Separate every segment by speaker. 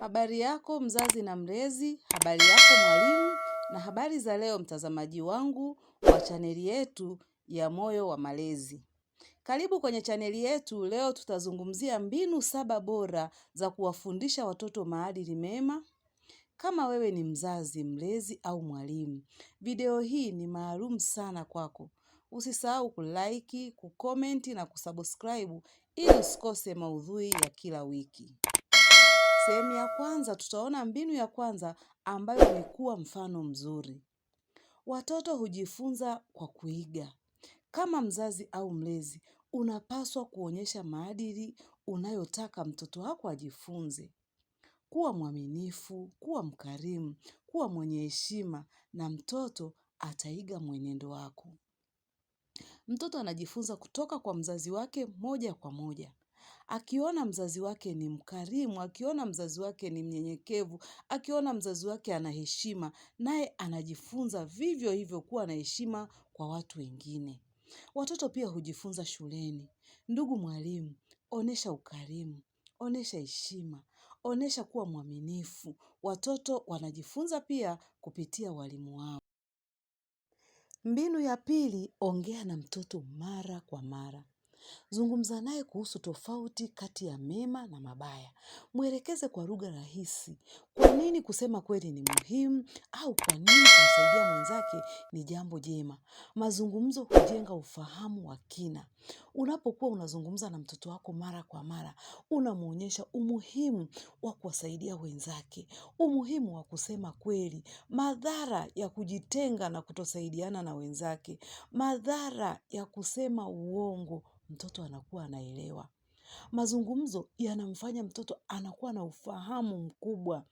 Speaker 1: Habari yako mzazi na mlezi, habari yako mwalimu na habari za leo mtazamaji wangu wa chaneli yetu ya Moyo wa Malezi. Karibu kwenye chaneli yetu. Leo tutazungumzia mbinu saba bora za kuwafundisha watoto maadili mema. Kama wewe ni mzazi, mlezi au mwalimu, video hii ni maalum sana kwako. Usisahau kulike, kukomenti na kusubscribe ili usikose maudhui ya kila wiki. Sehemu ya kwanza tutaona mbinu ya kwanza ambayo ni kuwa mfano mzuri. Watoto hujifunza kwa kuiga. Kama mzazi au mlezi, unapaswa kuonyesha maadili unayotaka mtoto wako ajifunze. Kuwa mwaminifu, kuwa mkarimu, kuwa mwenye heshima na mtoto ataiga mwenendo wako. Mtoto anajifunza kutoka kwa mzazi wake moja kwa moja akiona mzazi wake ni mkarimu, akiona mzazi wake ni mnyenyekevu, akiona mzazi wake ana heshima, naye anajifunza vivyo hivyo kuwa na heshima kwa watu wengine. Watoto pia hujifunza shuleni. Ndugu mwalimu, onesha ukarimu, onesha heshima, onesha kuwa mwaminifu. Watoto wanajifunza pia kupitia walimu wao. Mbinu ya pili, ongea na mtoto mara kwa mara. Zungumza naye kuhusu tofauti kati ya mema na mabaya. Mwelekeze kwa lugha rahisi. Kwa nini kusema kweli ni muhimu au kwa nini kumsaidia mwenzake ni jambo jema. Mazungumzo hujenga ufahamu wa kina. Unapokuwa unazungumza na mtoto wako mara kwa mara. unamwonyesha umuhimu wa kuwasaidia wenzake. Umuhimu wa kusema kweli. Madhara ya kujitenga na kutosaidiana na wenzake. Madhara ya kusema uongo mtoto anakuwa anaelewa. Mazungumzo yanamfanya mtoto anakuwa na ufahamu mkubwa.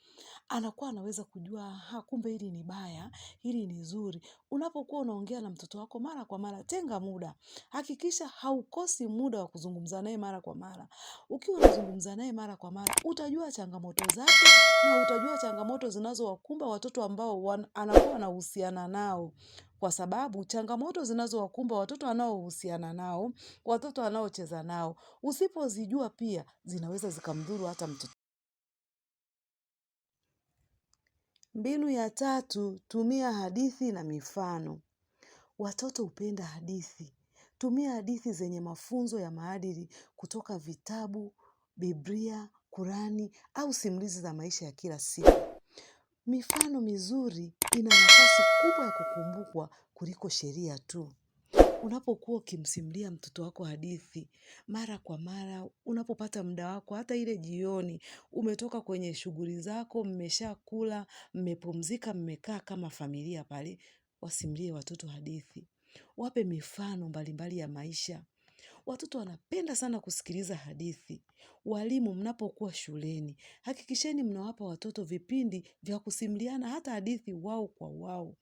Speaker 1: Anakuwa anaweza kujua ha kumbe hili ni baya, hili ni zuri. Unapokuwa unaongea na mtoto wako mara kwa mara, tenga muda. Hakikisha haukosi muda wa kuzungumza naye mara kwa mara. Ukiwa unazungumza naye mara kwa mara, utajua changamoto zake na utajua changamoto zinazowakumba watoto ambao anakuwa anahusiana nao kwa sababu changamoto zinazowakumba watoto wanaohusiana nao, watoto wanaocheza nao, usipozijua pia zinaweza zikamdhuru hata mtoto. Mbinu ya tatu, tumia hadithi na mifano. Watoto hupenda hadithi. Tumia hadithi zenye mafunzo ya maadili kutoka vitabu, Biblia, Kurani au simulizi za maisha ya kila siku. Mifano mizuri ina nafasi kubwa ya kukumbukwa kuliko sheria tu. Unapokuwa ukimsimulia mtoto wako hadithi, mara kwa mara, unapopata muda wako, hata ile jioni, umetoka kwenye shughuli zako, mmeshakula, mmepumzika, mmekaa kama familia pale, wasimulie watoto hadithi. Wape mifano mbalimbali ya maisha. Watoto wanapenda sana kusikiliza hadithi. Walimu mnapokuwa shuleni, hakikisheni mnawapa watoto vipindi vya kusimuliana hata hadithi wao kwa wao.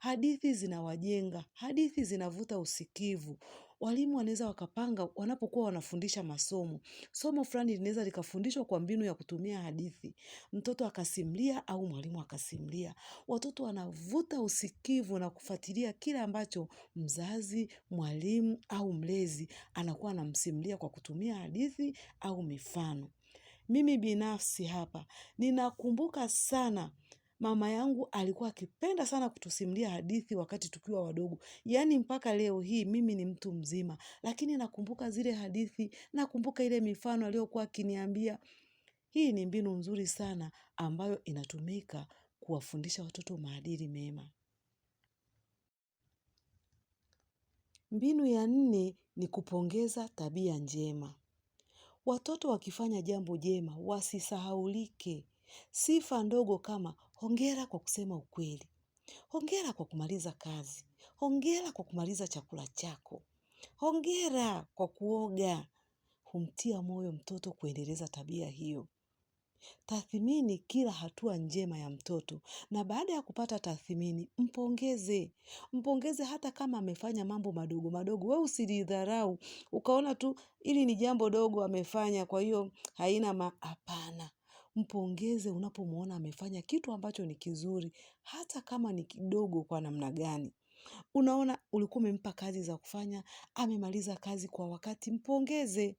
Speaker 1: Hadithi zinawajenga, hadithi zinavuta usikivu walimu wanaweza wakapanga wanapokuwa wanafundisha masomo. Somo fulani linaweza likafundishwa kwa mbinu ya kutumia hadithi, mtoto akasimlia au mwalimu akasimlia Watoto wanavuta usikivu na kufuatilia kile ambacho mzazi, mwalimu au mlezi anakuwa anamsimlia kwa kutumia hadithi au mifano. Mimi binafsi hapa ninakumbuka sana Mama yangu alikuwa akipenda sana kutusimulia hadithi wakati tukiwa wadogo. Yaani mpaka leo hii mimi ni mtu mzima. Lakini nakumbuka zile hadithi, nakumbuka ile mifano aliyokuwa akiniambia. Hii ni mbinu nzuri sana ambayo inatumika kuwafundisha watoto maadili mema. Mbinu ya nne ni kupongeza tabia njema. Watoto wakifanya jambo jema, wasisahaulike. Sifa ndogo kama hongera kwa kusema ukweli. Hongera kwa kumaliza kazi. Hongera kwa kumaliza chakula chako. Hongera kwa kuoga. Humtia moyo mtoto kuendeleza tabia hiyo. Tathimini kila hatua njema ya mtoto na baada ya kupata tathimini mpongeze. Mpongeze hata kama amefanya mambo madogo madogo we usilidharau. Ukaona tu ili ni jambo dogo amefanya kwa hiyo haina hapana mpongeze unapomwona amefanya kitu ambacho ni kizuri, hata kama ni kidogo kwa namna gani. Unaona ulikuwa umempa kazi za kufanya, amemaliza kazi kwa wakati, mpongeze.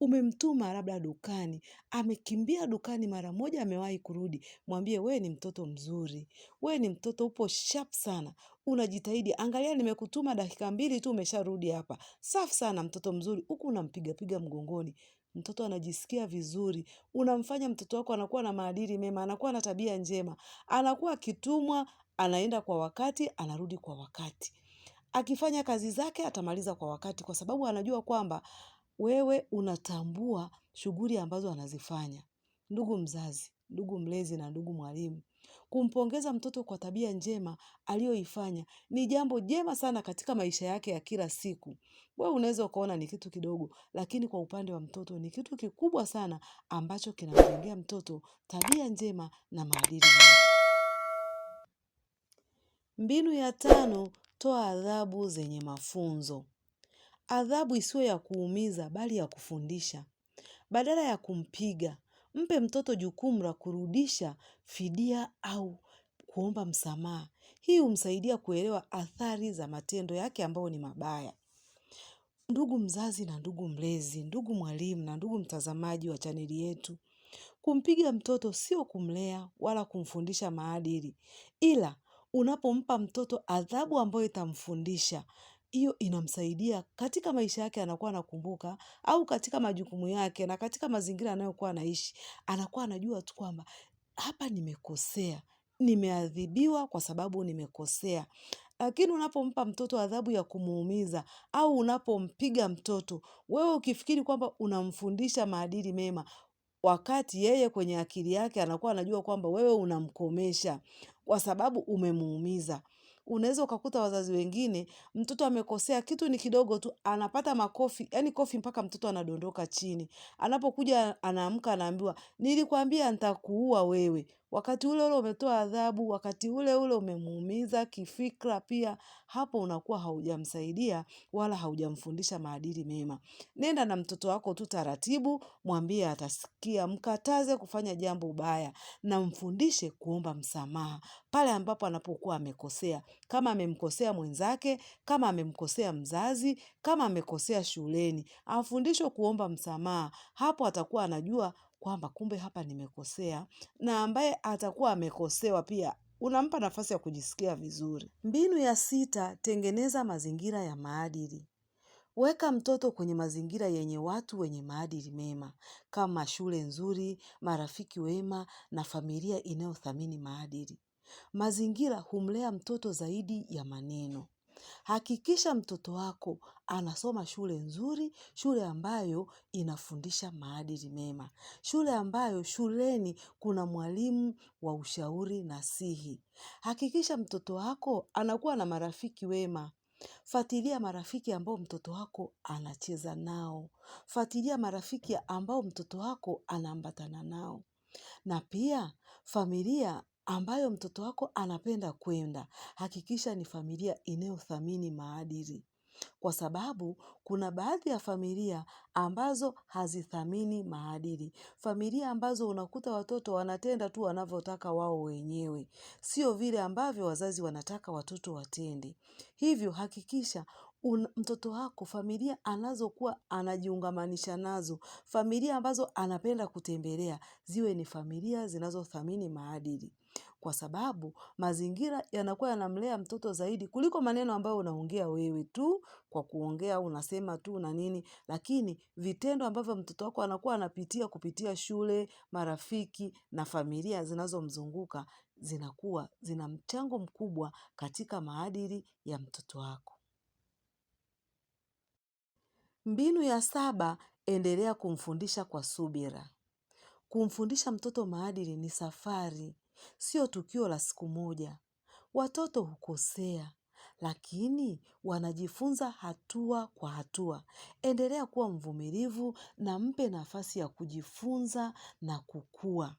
Speaker 1: Umemtuma labda dukani, amekimbia dukani mara moja amewahi kurudi, mwambie wee ni mtoto mzuri, wee ni mtoto upo shap sana, unajitahidi, angalia nimekutuma dakika mbili tu umesharudi hapa, safi sana mtoto mzuri, huku unampigapiga mgongoni mtoto anajisikia vizuri, unamfanya mtoto wako anakuwa na maadili mema, anakuwa na tabia njema, anakuwa akitumwa, anaenda kwa wakati, anarudi kwa wakati. Akifanya kazi zake atamaliza kwa wakati kwa sababu anajua kwamba wewe unatambua shughuli ambazo anazifanya. Ndugu mzazi, ndugu mlezi na ndugu mwalimu kumpongeza mtoto kwa tabia njema aliyoifanya ni jambo jema sana katika maisha yake ya kila siku. We unaweza ukaona ni kitu kidogo, lakini kwa upande wa mtoto ni kitu kikubwa sana ambacho kinamjengea mtoto tabia njema na maadili mema. Mbinu ya tano, toa adhabu zenye mafunzo. Adhabu isiyo ya kuumiza bali ya kufundisha. Badala ya kumpiga, Mpe mtoto jukumu la kurudisha fidia au kuomba msamaha. Hii humsaidia kuelewa athari za matendo yake ambayo ni mabaya. Ndugu mzazi na ndugu mlezi, ndugu mwalimu na ndugu mtazamaji wa chaneli yetu. Kumpiga mtoto sio kumlea wala kumfundisha maadili, ila unapompa mtoto adhabu ambayo itamfundisha hiyo inamsaidia katika maisha yake, anakuwa anakumbuka au katika majukumu yake na katika mazingira anayokuwa anaishi, anakuwa anajua tu kwamba hapa nimekosea, nimeadhibiwa kwa sababu nimekosea. Lakini unapompa mtoto adhabu ya kumuumiza au unapompiga mtoto, wewe ukifikiri kwamba unamfundisha maadili mema, wakati yeye kwenye akili yake anakuwa anajua kwamba wewe unamkomesha kwa sababu umemuumiza unaweza ukakuta wazazi wengine, mtoto amekosea kitu ni kidogo tu, anapata makofi, yani kofi mpaka mtoto anadondoka chini. Anapokuja anaamka, anaambiwa nilikwambia nitakuua wewe, wakati ule ule umetoa adhabu, wakati ule ule umemuumiza kifikra pia, hapo unakuwa haujamsaidia wala haujamfundisha maadili mema. Nenda na mtoto wako tu taratibu, mwambie atasikia, mkataze kufanya jambo baya na mfundishe kuomba msamaha pale ambapo anapokuwa amekosea, kama amemkosea mwenzake, kama amemkosea mzazi, kama amekosea shuleni, afundishwe kuomba msamaha. Hapo atakuwa anajua kwamba kumbe hapa nimekosea, na ambaye atakuwa amekosewa pia unampa nafasi ya kujisikia vizuri. Mbinu ya sita, tengeneza mazingira ya maadili. Weka mtoto kwenye mazingira yenye watu wenye maadili mema kama shule nzuri, marafiki wema na familia inayothamini maadili. Mazingira humlea mtoto zaidi ya maneno. Hakikisha mtoto wako anasoma shule nzuri, shule ambayo inafundisha maadili mema. Shule ambayo shuleni kuna mwalimu wa ushauri na sihi Hakikisha mtoto wako anakuwa na marafiki wema. Fatilia marafiki ambao mtoto wako anacheza nao. Fatilia marafiki ambao mtoto wako anaambatana nao. Na pia familia ambayo mtoto wako anapenda kwenda, hakikisha ni familia inayothamini maadili. Kwa sababu, kuna baadhi ya familia ambazo hazithamini maadili. Familia ambazo unakuta watoto wanatenda tu wanavyotaka wao wenyewe. Sio vile ambavyo wazazi wanataka watoto watende. Hivyo hakikisha mtoto wako familia anazokuwa anajiungamanisha nazo. Familia ambazo anapenda kutembelea. Ziwe ni familia zinazothamini maadili kwa sababu mazingira yanakuwa yanamlea mtoto zaidi kuliko maneno ambayo unaongea wewe tu kwa kuongea unasema tu na nini, lakini vitendo ambavyo mtoto wako anakuwa anapitia kupitia shule, marafiki na familia zinazomzunguka zinakuwa zina mchango mkubwa katika maadili ya mtoto wako. Mbinu ya saba, endelea kumfundisha kwa subira. Kumfundisha mtoto maadili ni safari, sio tukio la siku moja. Watoto hukosea, lakini wanajifunza hatua kwa hatua. Endelea kuwa mvumilivu na mpe nafasi ya kujifunza na kukua.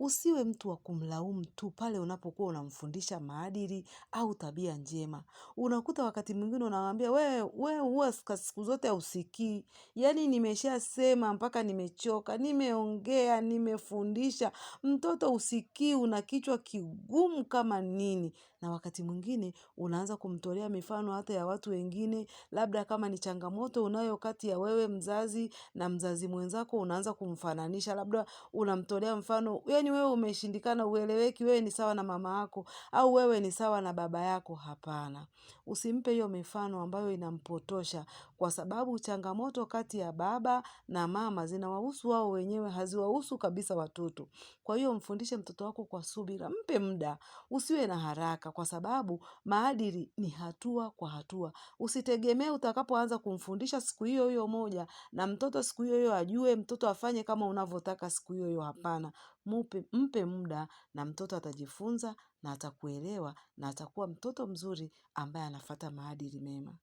Speaker 1: Usiwe mtu wa kumlaumu tu pale unapokuwa unamfundisha maadili au tabia njema. Unakuta wakati mwingine unamwambia wewe, wewe huwa siku zote hausikii. Yaani nimeshasema mpaka nimechoka, nimeongea, nimefundisha. Mtoto usikii una kichwa kigumu kama nini na wakati mwingine unaanza kumtolea mifano hata ya watu wengine, labda kama ni changamoto unayo kati ya wewe mzazi na mzazi mwenzako unaanza kumfananisha, labda unamtolea mfano, yaani wewe umeshindikana ueleweki wewe ni sawa na mama yako au wewe ni sawa na baba yako. Hapana. Usimpe hiyo mifano ambayo inampotosha kwa sababu changamoto kati ya baba na mama zinawahusu wao wenyewe, haziwahusu kabisa watoto. Kwa hiyo mfundishe mtoto wako kwa subira, mpe muda, usiwe na haraka, kwa sababu maadili ni hatua kwa hatua. Usitegemee utakapoanza kumfundisha siku hiyo hiyo moja na mtoto siku hiyo hiyo ajue, mtoto afanye kama unavyotaka siku hiyo hiyo. Hapana, mpe, mpe muda na mtoto atajifunza na atakuelewa na atakuwa mtoto mzuri ambaye anafata maadili mema.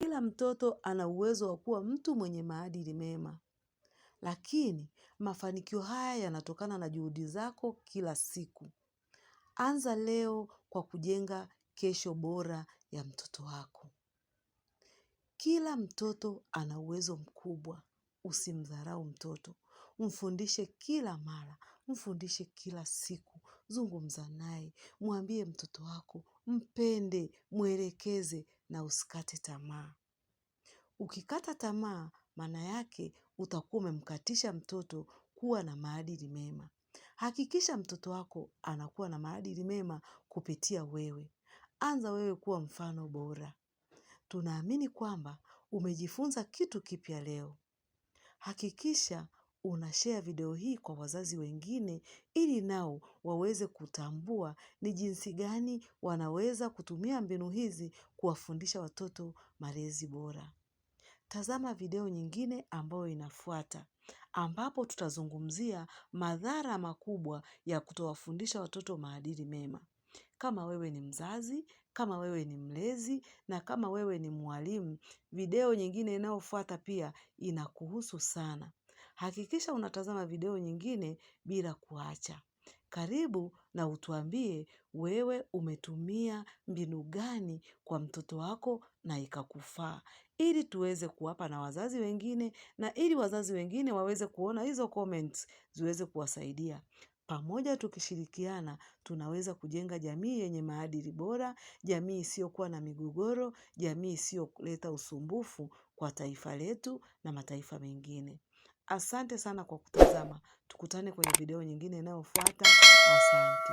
Speaker 1: Kila mtoto ana uwezo wa kuwa mtu mwenye maadili mema. Lakini mafanikio haya yanatokana na juhudi zako kila siku. Anza leo kwa kujenga kesho bora ya mtoto wako. Kila mtoto ana uwezo mkubwa. Usimdharau mtoto. Mfundishe kila mara. Mfundishe kila siku. Zungumza naye. Mwambie mtoto wako. Mpende. Mwelekeze na usikate tamaa. Ukikata tamaa maana yake utakuwa umemkatisha mtoto kuwa na maadili mema. Hakikisha mtoto wako anakuwa na maadili mema kupitia wewe. Anza wewe kuwa mfano bora. Tunaamini kwamba umejifunza kitu kipya leo. Hakikisha unashare video hii kwa wazazi wengine ili nao waweze kutambua ni jinsi gani wanaweza kutumia mbinu hizi kuwafundisha watoto malezi bora. Tazama video nyingine ambayo inafuata. Ambapo tutazungumzia madhara makubwa ya kutowafundisha watoto maadili mema. Kama wewe ni mzazi, kama wewe ni mlezi na kama wewe ni mwalimu, video nyingine inayofuata pia inakuhusu sana. Hakikisha unatazama video nyingine bila kuacha. Karibu na utuambie wewe umetumia mbinu gani kwa mtoto wako na ikakufaa. Ili tuweze kuwapa na wazazi wengine na ili wazazi wengine waweze kuona hizo comments ziweze kuwasaidia. Pamoja tukishirikiana, tunaweza kujenga jamii yenye maadili bora, jamii isiyokuwa na migogoro, jamii isiyoleta usumbufu kwa taifa letu na mataifa mengine. Asante sana kwa kutazama. Tukutane kwenye video nyingine inayofuata. Asante.